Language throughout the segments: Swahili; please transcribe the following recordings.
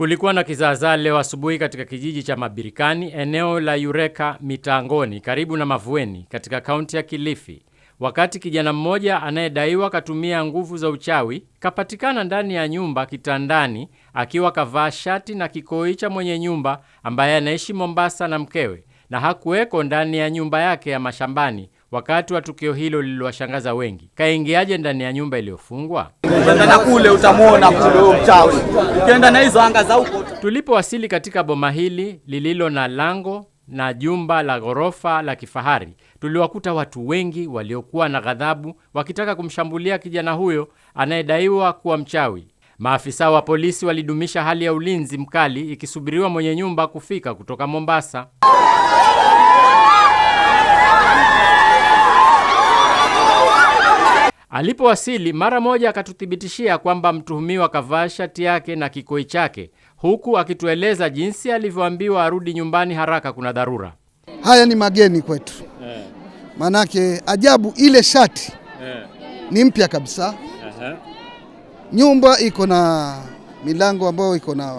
Kulikuwa na kizaazaa leo asubuhi katika kijiji cha Mabirikani, eneo la Yureka Mitangoni, karibu na Mavueni, katika kaunti ya Kilifi, wakati kijana mmoja anayedaiwa katumia nguvu za uchawi kapatikana ndani ya nyumba kitandani, akiwa kavaa shati na kikoi cha mwenye nyumba ambaye anaishi Mombasa na mkewe, na hakuweko ndani ya nyumba yake ya mashambani Wakati wa tukio hilo liliwashangaza wengi, kaingiaje ndani ya nyumba iliyofungwa? Ukienda kule utamwona kule mchawi, ukienda na hizo anga za huko. Tulipowasili katika boma hili lililo na lango na jumba la ghorofa la kifahari, tuliwakuta watu wengi waliokuwa na ghadhabu wakitaka kumshambulia kijana huyo anayedaiwa kuwa mchawi. Maafisa wa polisi walidumisha hali ya ulinzi mkali, ikisubiriwa mwenye nyumba kufika kutoka Mombasa. Alipowasili mara moja akatuthibitishia kwamba mtuhumiwa kavaa shati yake na kikoi chake, huku akitueleza jinsi alivyoambiwa arudi nyumbani haraka, kuna dharura. Haya ni mageni kwetu, eh. manake ajabu, ile shati eh. ni mpya kabisa. Nyumba iko na milango ambayo iko na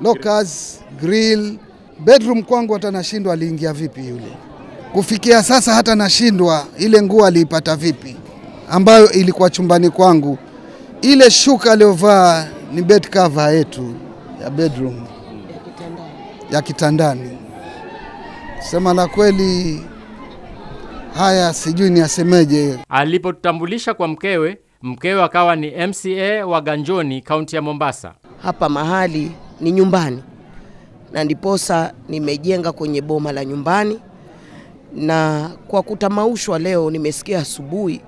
lockers, grill, bedroom. Kwangu hata nashindwa aliingia vipi yule. Kufikia sasa hata nashindwa ile nguo aliipata vipi ambayo ilikuwa chumbani kwangu. Ile shuka aliyovaa ni bed cover yetu ya bedroom ya kitandani. Sema la kweli, haya sijui asemeje Alipotutambulisha kwa mkewe, mkewe akawa ni MCA wa Ganjoni, kaunti ya Mombasa. Hapa mahali ni nyumbani, na ndiposa nimejenga kwenye boma la nyumbani, na kwa kutamaushwa leo, nimesikia asubuhi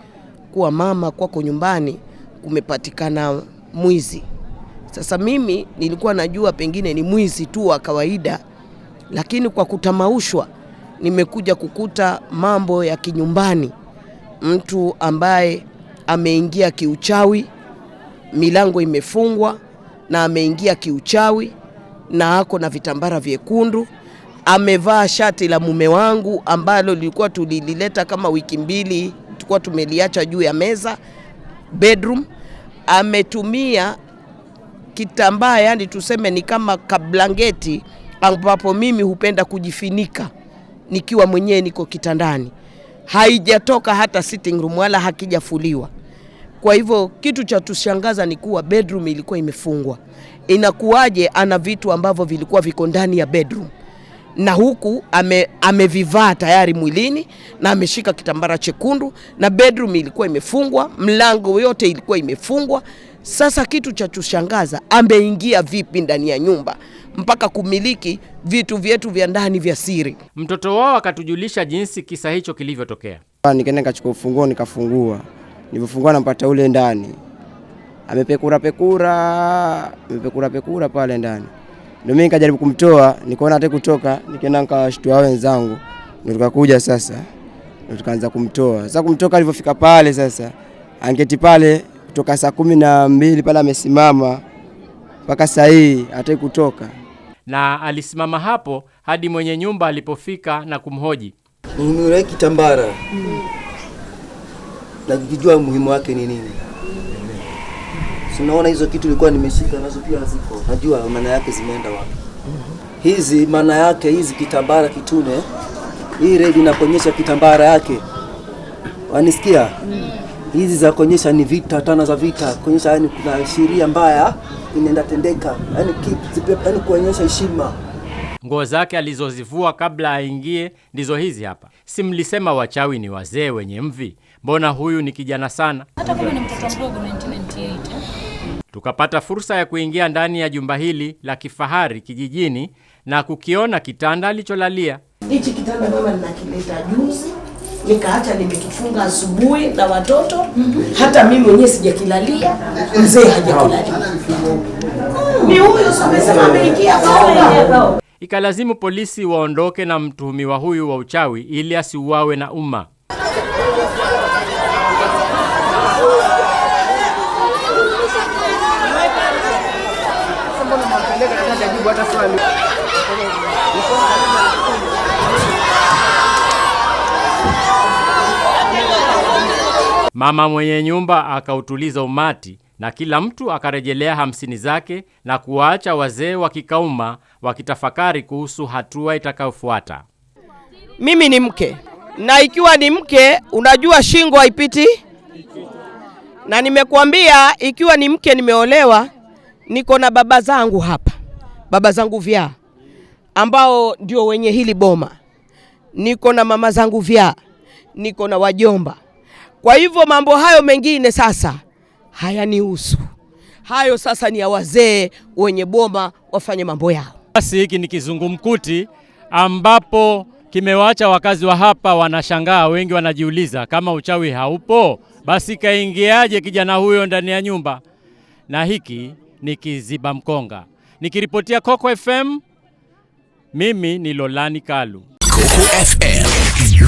kuwa mama kwako nyumbani kumepatikana mwizi. Sasa mimi nilikuwa najua pengine ni mwizi tu wa kawaida, lakini kwa kutamaushwa nimekuja kukuta mambo ya kinyumbani, mtu ambaye ameingia kiuchawi, milango imefungwa na ameingia kiuchawi na ako na vitambara vyekundu amevaa shati la mume wangu ambalo lilikuwa tulilileta kama wiki mbili tulikuwa tumeliacha juu ya meza bedroom. Ametumia kitambaa, yani tuseme ni kama kablangeti, ambapo mimi hupenda kujifinika nikiwa mwenyewe niko kitandani. Haijatoka hata sitting room wala hakijafuliwa. Kwa hivyo kitu cha tushangaza ni kuwa bedroom ilikuwa imefungwa. Inakuwaje ana vitu ambavyo vilikuwa viko ndani ya bedroom? na huku ame, amevivaa tayari mwilini na ameshika kitambara chekundu, na bedroom ilikuwa imefungwa, mlango yote ilikuwa imefungwa. Sasa kitu cha kushangaza, ameingia vipi ndani ya nyumba mpaka kumiliki vitu vyetu vya ndani vya siri? Mtoto wao akatujulisha jinsi kisa hicho kilivyotokea. Nikaenda nikachukua ufunguo nikafungua, nilivyofungua nampata ule ndani amepekura pekura, amepekura pekura pale ndani ndio mimi nikajaribu kumtoa, nikaona hata kutoka, nikaenda nikawashtua wenzangu, ndio tukakuja sasa, ndio tukaanza kumtoa. Sasa kumtoka alivyofika pale sasa, angeti pale kutoka saa kumi na mbili pale amesimama mpaka saa hii hata kutoka, na alisimama hapo hadi mwenye nyumba alipofika na kumhoji kitambara, mm. na kujua umuhimu wake ni nini. Sinaona hizo kitu ilikuwa nimeshika nazo pia ziko, najua maana yake zimeenda wapi hizi. Maana yake hizi kitambara kitune, hii red inakuonyesha kitambara yake, wanisikia? Hizi za kuonyesha ni vita tano za vita, kuonyesha yani kuna sheria mbaya inaenda tendeka, yani yani kuonyesha heshima. Nguo zake alizozivua kabla aingie ndizo hizi hapa. Si mlisema wachawi ni wazee wenye mvi? Mbona huyu ni kijana sana? Hata kama ni mtoto mdogo 1998. Tukapata fursa ya kuingia ndani ya jumba hili la kifahari kijijini na kukiona kitanda alicholalia. Hichi kitanda mama, ninakileta juzi, nikaacha nimekifunga asubuhi na watoto, hata mimi mwenyewe sijakilalia, mzee hajakilalia. Ni huyu somesema ameingia kaoga. Ikalazimu polisi waondoke na mtuhumiwa huyu wa uchawi ili asiuawe na umma. hata swali. Mama mwenye nyumba akautuliza umati na kila mtu akarejelea hamsini zake na kuwaacha wazee wakikauma wakitafakari kuhusu hatua itakayofuata. Mimi ni mke, na ikiwa ni mke, unajua shingo haipiti, na nimekuambia ikiwa ni mke, nimeolewa, niko na baba zangu hapa baba zangu vya ambao ndio wenye hili boma, niko na mama zangu vya, niko na wajomba. Kwa hivyo mambo hayo mengine sasa hayanihusu, hayo sasa ni ya wazee wenye boma wafanye mambo yao. Basi hiki ni kizungumkuti ambapo kimewaacha wakazi wa hapa wanashangaa, wengi wanajiuliza kama uchawi haupo basi kaingiaje kijana huyo ndani ya nyumba? Na hiki ni kiziba mkonga. Nikiripotia Coco FM, mimi ni Lolani Kalu. Coco FM,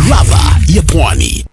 ladha ya Pwani.